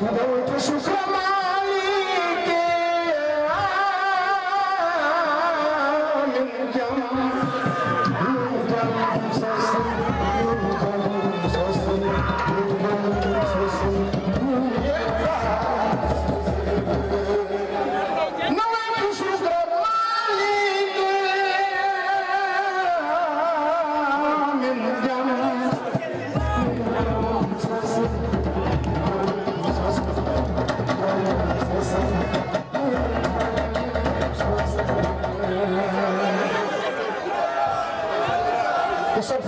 Tudo muito chocado.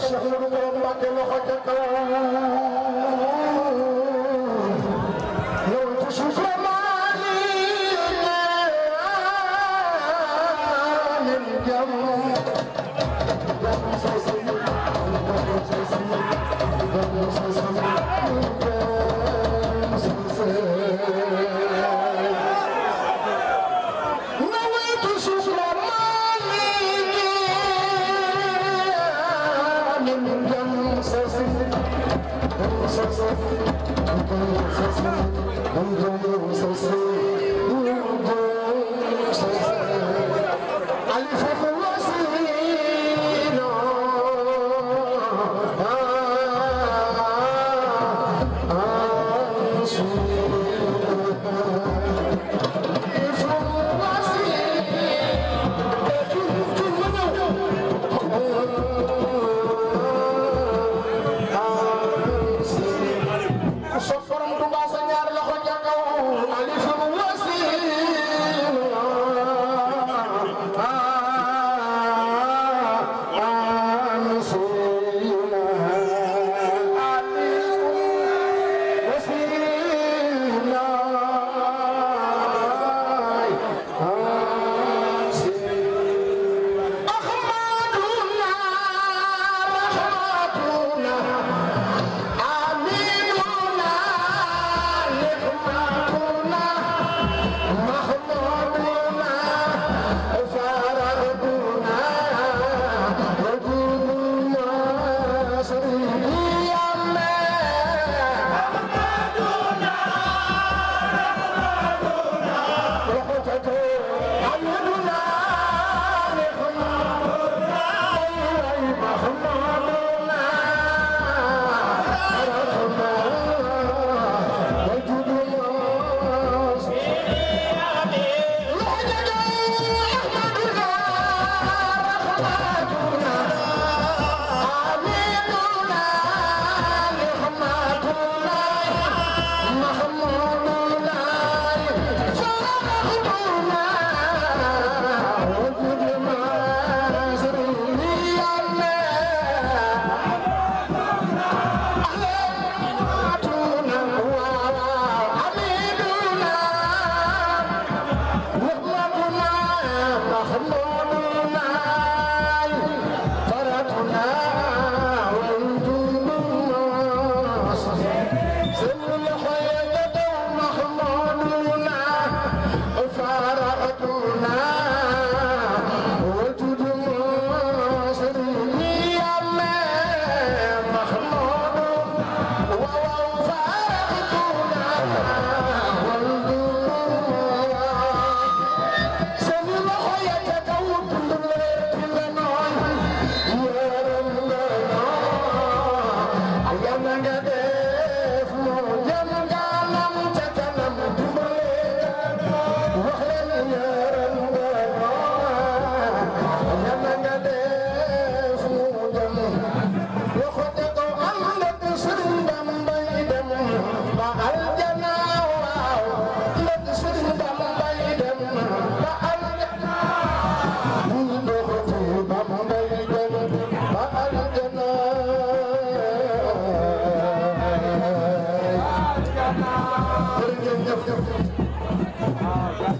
Cheikh Modou Borom Mbacke loxo ca kaw Vamos, vamos.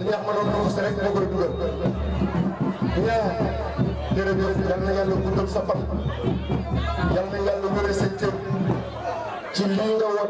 li nga xam ne moom rek moo koy dugal ñaa jërëjëf yal na yàlla guddal sa fan yal na yàlla